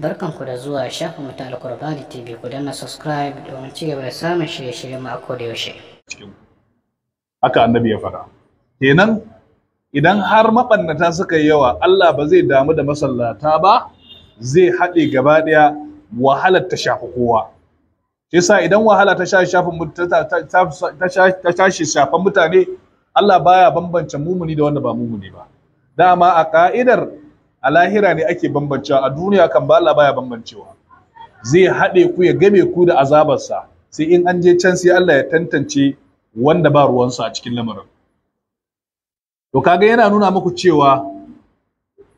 barkanku da zuwa shafin mu ta alkurbani tv ku danna subscribe domin ci gaba da samun shirye-shiryen mu a koda yaushe haka annabi ya fara kenan idan har mabannata suka yi yawa Allah ba zai damu da masallata ba zai haɗe gaba ɗaya wahalar ta shafi kowa shi yasa idan wahala ta shafi ta shafi shafan mutane Allah baya bambance mumuni da wanda ba mumuni ba dama a ka'idar a lahira ne ake bambancewa a duniya kan ba Allah baya bambancewa zai haɗe ku ya game ku da azabarsa sai in an je can sai Allah ya tantance wanda ba ruwansa a cikin lamarin to kaga yana nuna muku cewa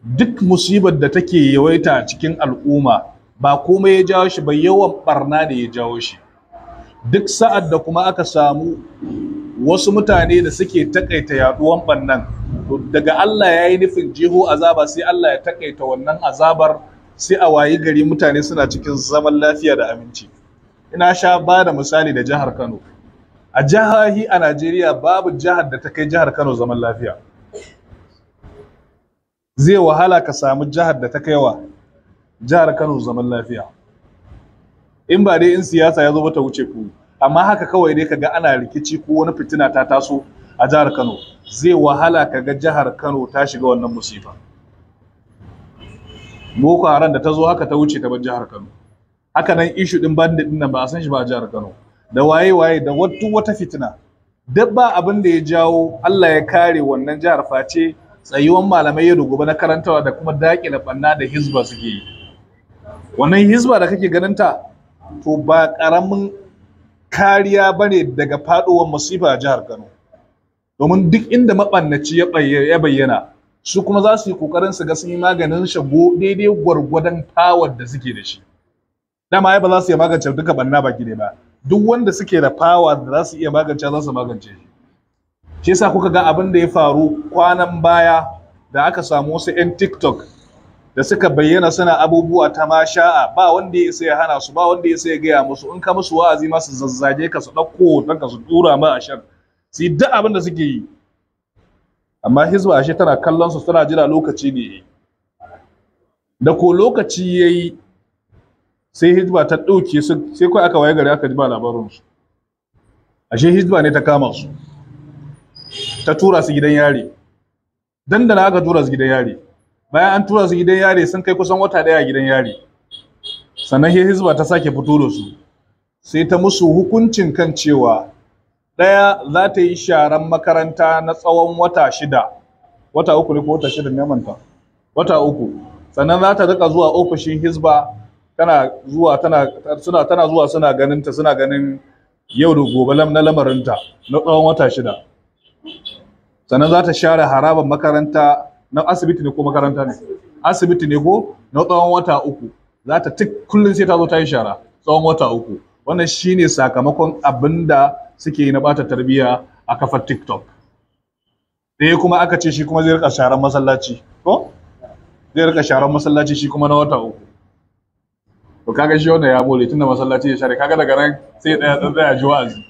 duk musibar da take yawaita a cikin al'umma ba komai ya jawo shi ba yawan barna ne ya jawo shi duk sa'ad da kuma aka samu wasu mutane da suke takaita yaduwan bannan daga Allah ya yi nufin jihu azaba sai Allah ya takaita wannan azabar sai a wayi gari mutane suna cikin zaman lafiya da aminci ina sha ba da misali da jihar Kano a jihahi a Najeriya babu jihar da ta kai jihar Kano zaman lafiya zai wahala ka samu jihar da ta kaiwa jihar Kano zaman lafiya in ba dai in siyasa ya zo ba ta wuce ku amma haka kawai dai kaga ana rikici ko wani fitina ta taso a jihar Kano zai wahala kaga jihar Kano ta shiga wannan musifa Boko Haram da ta zo haka ta wuce ta bar jihar Kano haka nan ishu din bandit din nan ba a san shi ba a jihar Kano da waye waye da wata wata fitina duk ba abin da ya jawo Allah ya kare wannan jihar face tsayuwan malamai ya gobe na karantawa da kuma dakile banna da hizba suke yi wannan hizba da kake ganin ta to ba karamin kariya bane daga faɗowar masifa a jihar Kano domin duk inda mabannaci ya bayyana su kuma za su yi kokarin su ga sun yi maganin shago daidai gwargwadon power da suke da shi dama ba za su iya magance duka banna baki ne ba duk wanda suke da power da za su iya magance za su magance shi shi yasa kuka ga abin da ya faru kwanan baya da aka samu wasu 'yan tiktok da suka bayyana suna abubuwa ta masha'a ba wanda ya isa ya hana su ba wanda ya isa ya gaya musu in ka musu wa'azi ma su zazzage ka su ɗauko hoton ka su tura ma a shan su yi duk abin da suke yi amma hizba ashe tana kallon su tana jira lokaci ne da ko lokaci ya yi sai hizba ta ɗauke su sai kawai aka waye gari aka ji ba labarin su ashe hizba ne ta kama su ta tura su gidan yari dandana aka tura su gidan yari bayan an tura su gidan yari sun kai kusan wata daya a gidan yari sannan hizba ta sake fito da su sai ta musu hukuncin kan cewa ɗaya za ta yi sharan makaranta na tsawon wata shida wata uku ne ko wata shida ne manta wata uku sannan za ta rika zuwa ofishin hizba tana zuwa tana suna tana zuwa suna ganin ta suna ganin yau da gobe na lamarinta na tsawon wata shida sannan za ta share haraban makaranta na asibiti ne ko makaranta ne asibiti ne ko na tsawon wata uku za ta tik kullum sai ta zo ta yi shara tsawon wata uku wannan shine sakamakon abin da suke yi na bata tarbiyya a kafar tiktok ɗaya eh kuma aka ce shi kuma zai rika sharan masallaci ko zai rika sharan masallaci shi kuma na wata uku to kaga shi wannan ya bole tunda masallaci ya share kaga daga nan sai ɗaya tsaya ji wa'azi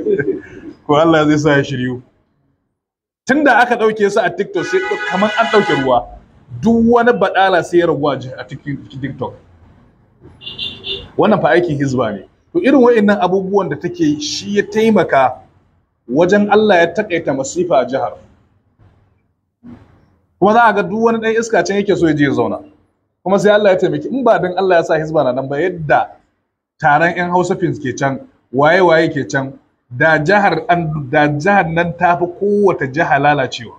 ko Allah zai sa ya shiryu Tun da aka ɗauke su a TikTok sai kamar an ɗauke ruwa duk wani badala sai ya ragu a TikTok wannan fa aikin hizba ne to irin wa'annan abubuwan da take shi ya taimaka wajen Allah ya takaita masifa a jihar kuma za a ga duk wani ɗan iska can yake so ya je ya zauna kuma sai Allah ya taimaki in ba dan Allah ya sa hizba na nan ba yadda taron 'yan Hausa fins ke can waye waye ke can da jihar an da jihar nan ta fi kowace jiha lalacewa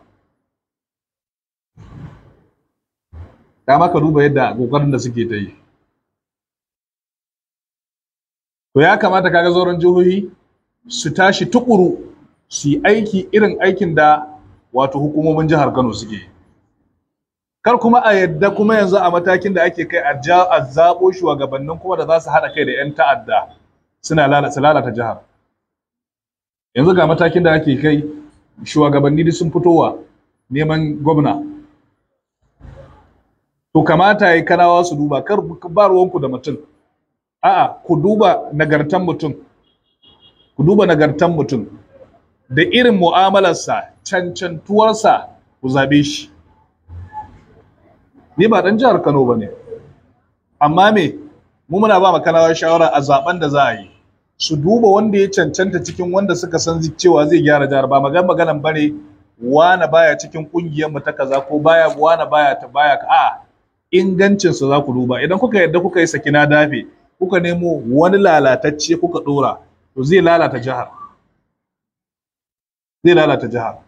da maka duba yadda kokarin da suke ta yi to ya kamata kaga zauren jihohi su tashi tukuru su aiki irin aikin da wato hukumomin jihar Kano suke kar kuma a yadda kuma yanzu a matakin da ake kai a zaɓo shugabannin kuma da za su haɗa kai da 'yan ta'adda suna lalata jihar yanzu ga matakin da ake kai shugabanni duk sun fitowa neman gwamna to kamata ya kanawa su duba kar ba ruwanku da mutum a'a ku duba nagartan mutum ku duba nagartan mutum da irin mu'amalarsa cancantuwarsa ku zabe shi ni ba dan jihar Kano ba ne. amma me mu muna ba makanawa shawara a zaben da za a yi su duba wanda ya cancanta cikin wanda suka san cewa zai gyara jihar ba magan maganan bane wana baya cikin kungiyar mu ta kaza ko baya wana baya ta baya ka a ingancin su za ku duba idan kuka yadda kuka yi sakina dafe kuka nemo wani lalatacce kuka dora to zai lalata jihar zai lalata jihar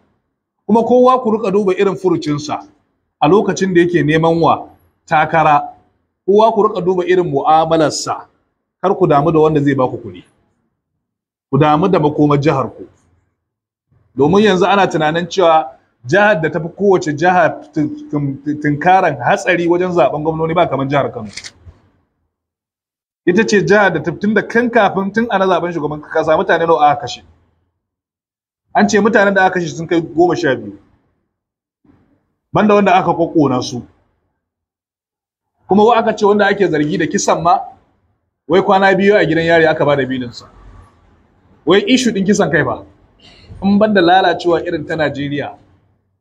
kuma kowa ku rika duba irin furucinsa a lokacin da yake neman wa takara kowa ku rika duba irin mu'amalarsa kar ku damu da wanda zai baku kuɗi. ku damu da makomar jihar ku domin yanzu ana tunanin cewa jihar da tafi kowace jiha tunkaran hatsari wajen zaben gwamnoni ba kamar jihar Kano ita ce jihar da tun da kan kafin tun ana zaben shugaban kasa mutane nawa aka kashe an ce mutanen da aka kashe sun kai goma sha biyu banda wanda aka kokona su kuma wa aka ce wanda ake zargi da kisan ma wai kwana biyu a gidan yari aka ba da sa wai ishu din kisan kai ba in ban da lalacewa irin ta Najeriya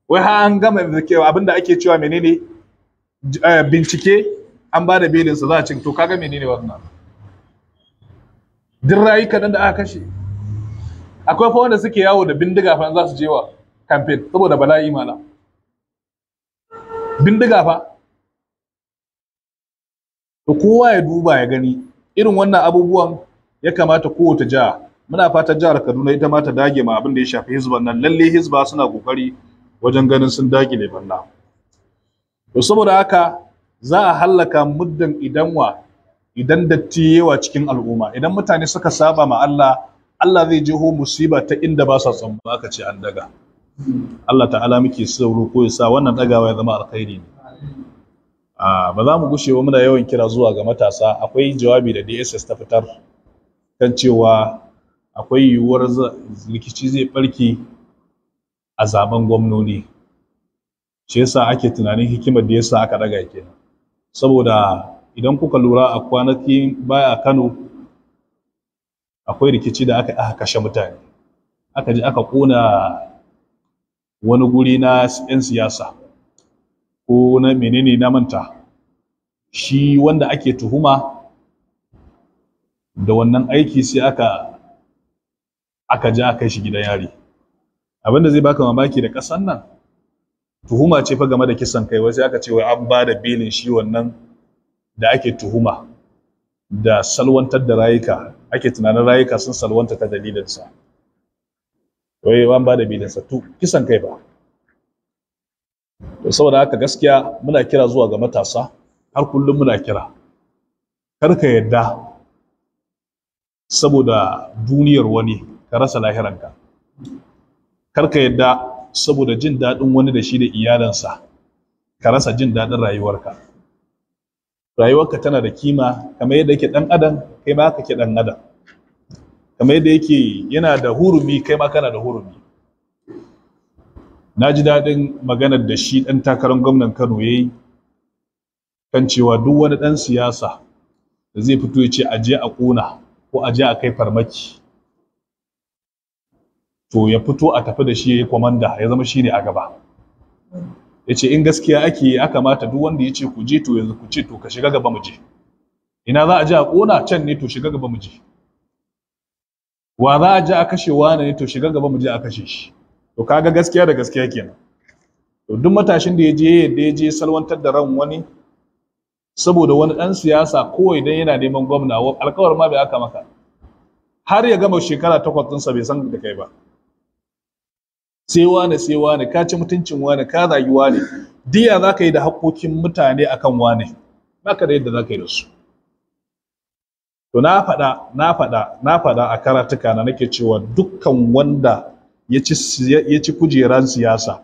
wai ha an gama abin abinda ake cewa menene eh, bincike an ba da belinsa za a cin to kaga menene wannan duk rayuka da aka kashe akwai fa wanda suke yawo da bindiga fa za su je wa campaign saboda bala'i mala bindiga fa to kowa ya duba ya gani irin wannan abubuwan ya kamata kowace jiha muna fatan jihar Kaduna ita ma ta dage ma abin da ya shafi hizban nan lalle hizba suna kokari wajen ganin sun dage ne banna to saboda haka za a hallaka muddin idan idan datti yawa cikin al'umma idan mutane suka saba ma Allah Allah zai jeho musiba ta inda ba sa tsamba aka ce an daga Allah ta'ala muke sauro ko ya sa wannan dagawa ya zama alkhairi ne ba za mu gushe ba muna yawan kira zuwa ga matasa akwai jawabi da DSS ta fitar kan cewa akwai yiwuwar rikici zai ɓarke a zaben gwamnoni shi yasa ake tunanin hikimar da yasa aka daga kenan saboda idan kuka lura a kwanaki baya a Kano akwai rikici da aka aka kashe mutane aka je aka kona wani guri na 'yan siyasa ko na menene na manta shi wanda ake tuhuma da wannan aiki sai aka aka ja aka shi gidan yari abin da zai baka mamaki da ƙasan nan tuhuma ce fa game da kisan kai wai sai aka ce wai an ba da belin shi wannan da ake tuhuma da salwantar da rayuka ake tunanin rayuka sun salwanta ta dalilinsa wai an ba da belinsa tu kisan kai ba to saboda haka gaskiya muna kira zuwa ga matasa har kullum muna kira kar ka yadda saboda duniyar wani ka rasa lahiranka karka yadda saboda jin daɗin wani da shi da iyalansa ka rasa jin daɗin rayuwarka rayuwarka tana da kima kamar yadda yake ɗan adam kai ma kake ɗan adam kamar yadda yake yana da hurumi kai ma kana da hurumi na ji daɗin maganar da shi ɗan takarar gwamnan kano ya kan cewa duk wani ɗan siyasa da zai fito ya ce a a ƙona ko a a kai farmaki to ya fito a tafi da shi ya yi kwamanda ya zama shine a gaba ya ce in gaskiya ake ya kamata duk wanda ya ce ku je to yanzu ku ce to ka shiga gaba mu je ina za a je a kona can ne to shiga gaba mu je wa za a je a kashe wani ne to shiga gaba mu je a kashe shi to kaga gaskiya da gaskiya kenan to duk matashin da ya je yadda ya je salwantar da ran wani saboda wani dan siyasa ko idan yana neman gwamna alkawar ma bai aka maka har ya gama shekara takwas ɗinsa bai san da kai ba sai wane sai wane ka ci mutuncin wane ka zagi wane diya za ka yi da haƙoƙin mutane akan wane ba ka da yadda za ka yi da su to na faɗa na faɗa na faɗa a karatuka na nake cewa dukkan wanda ya ci ya ci kujeran siyasa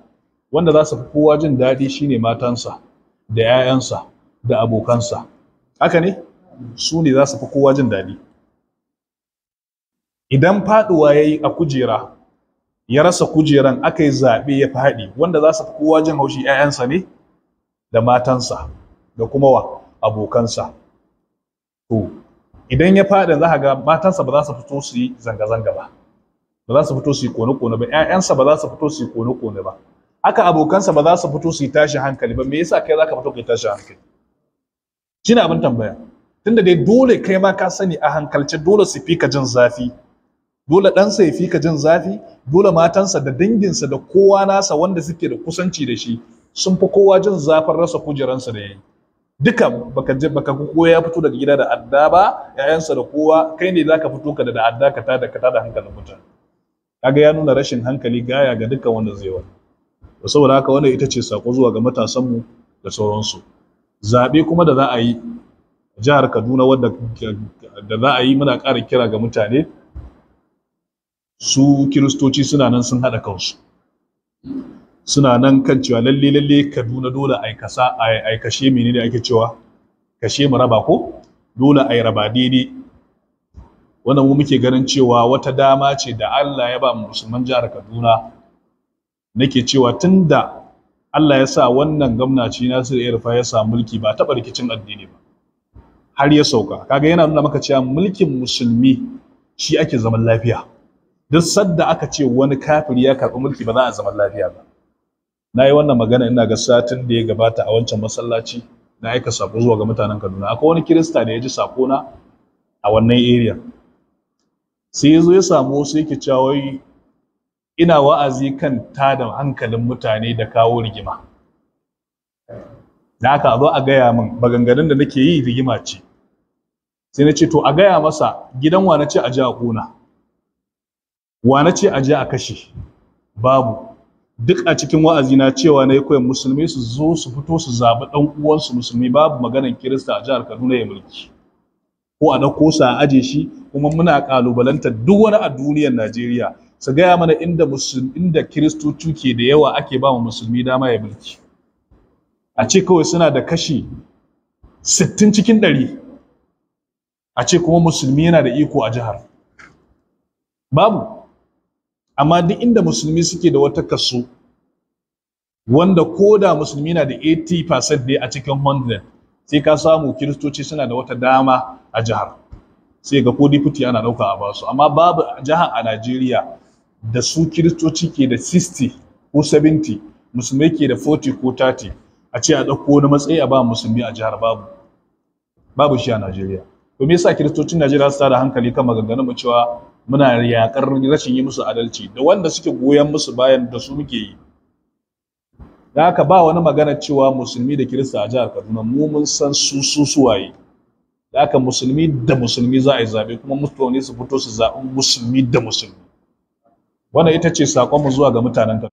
wanda za su fi kowa jin daɗi shine matansa da 'ya'yansa da abokansa haka ne su ne za su fi kowa jin daɗi idan faɗuwa ya yi a kujera ya rasa kujeran aka yi zaɓe ya faɗi wanda za su fi kowa jin haushi 'ya'yansa ne da matansa da kuma wa abokansa to idan ya faɗi za ga matansa ba za su fito su yi zanga-zanga ba ba za su fito su yi kone-kone ba 'ya'yansa ba za su fito su yi kone-kone ba haka abokansa ba za su fito su yi tashi hankali ba me yasa kai za ka fito kai tashi hankali shine abin tambaya tunda dai dole kai ma ka sani a hankalce dole su fi ka jin zafi dole ɗansa ya fi ka jin zafi dole matansa da danginsa da kowa nasa wanda suke da kusanci da shi sun fi kowa jin zafin rasa kujeransa da yayi duka baka je baka kowa ya fito daga gida da adda ba yayansa da kowa kai ne zaka fito ka da adda ka tada ka tada hankalin kaga ya nuna rashin hankali gaya ga dukkan wanda zai wa to saboda haka wannan ita ce sako zuwa ga matasan mu da sauransu zabe kuma da za a yi jihar Kaduna wadda da za a yi muna ƙara kira ga mutane su kiristoci suna nan sun hada kansu suna nan kan cewa lalle lalle kaduna dole a kasa ai kashe menene ake cewa kashe mu raba ko dole a yi raba daidai wannan mu muke ganin cewa wata dama ce da Allah ya ba mu musulman jihar Kaduna nake cewa tunda Allah ya sa wannan gwamnati Nasiru rufa ya sa mulki ba taɓa rikicin addini ba har ya sauka kaga yana nuna maka cewa mulkin musulmi shi ake zaman lafiya duk sadda aka ce wani kafiri ya karɓi mulki ba za a zama lafiya ba na yi wannan magana ina ga satin da ya gabata a wancan masallaci na aika sako zuwa ga mutanen kaduna akwai wani kirista da ya ji sako na a wannan area sai ya zo ya samu wasu yake cewa ina wa'azi kan tada hankalin mutane da kawo rigima da aka a zo a gaya min maganganun da nake yi rigima ce sai na ce to a gaya masa gidan wa na ce a ji a ƙuna wa na ce aje a kashe babu duk a cikin wa'azi na cewa na yi koyan musulmi su zo su fito su zaɓi ɗan uwansu musulmi babu maganin kirista a jihar kaduna ya mulki ko a ɗauko sa a aje shi kuma muna ƙalubalanta duk wani a duniyar najeriya su gaya mana inda inda kiristoci ke da yawa ake ba musulmi dama ya mulki a ce kawai suna da kashi sittin cikin ɗari a ce kuma musulmi yana da iko a jihar babu amma duk inda musulmi suke da wata kaso wanda ko da musulmi na da 80% dai a cikin 100 sai ka samu kiristoci suna da wata dama a jihar sai ga ko deputy ana dauka a basu amma babu jihar a Najeriya da su kiristoci ke da 60 ko 70 musulmi ke da 40 ko 30 a ce a dauko wani matsayi a ba musulmi a jihar babu babu shi a Najeriya to me yasa kiristocin Najeriya su da hankali kan maganganun mu cewa muna yakar rashin yi musu adalci da wanda suke goyon musu bayan da su muke yi da haka ba wani magana cewa musulmi da kirista a jihar kaduna mu mun san su su suwaye da haka musulmi da musulmi za a yi zaɓe kuma mutane su fito su zaɓi musulmi da musulmi wannan ita ce saƙonmu zuwa ga mutanen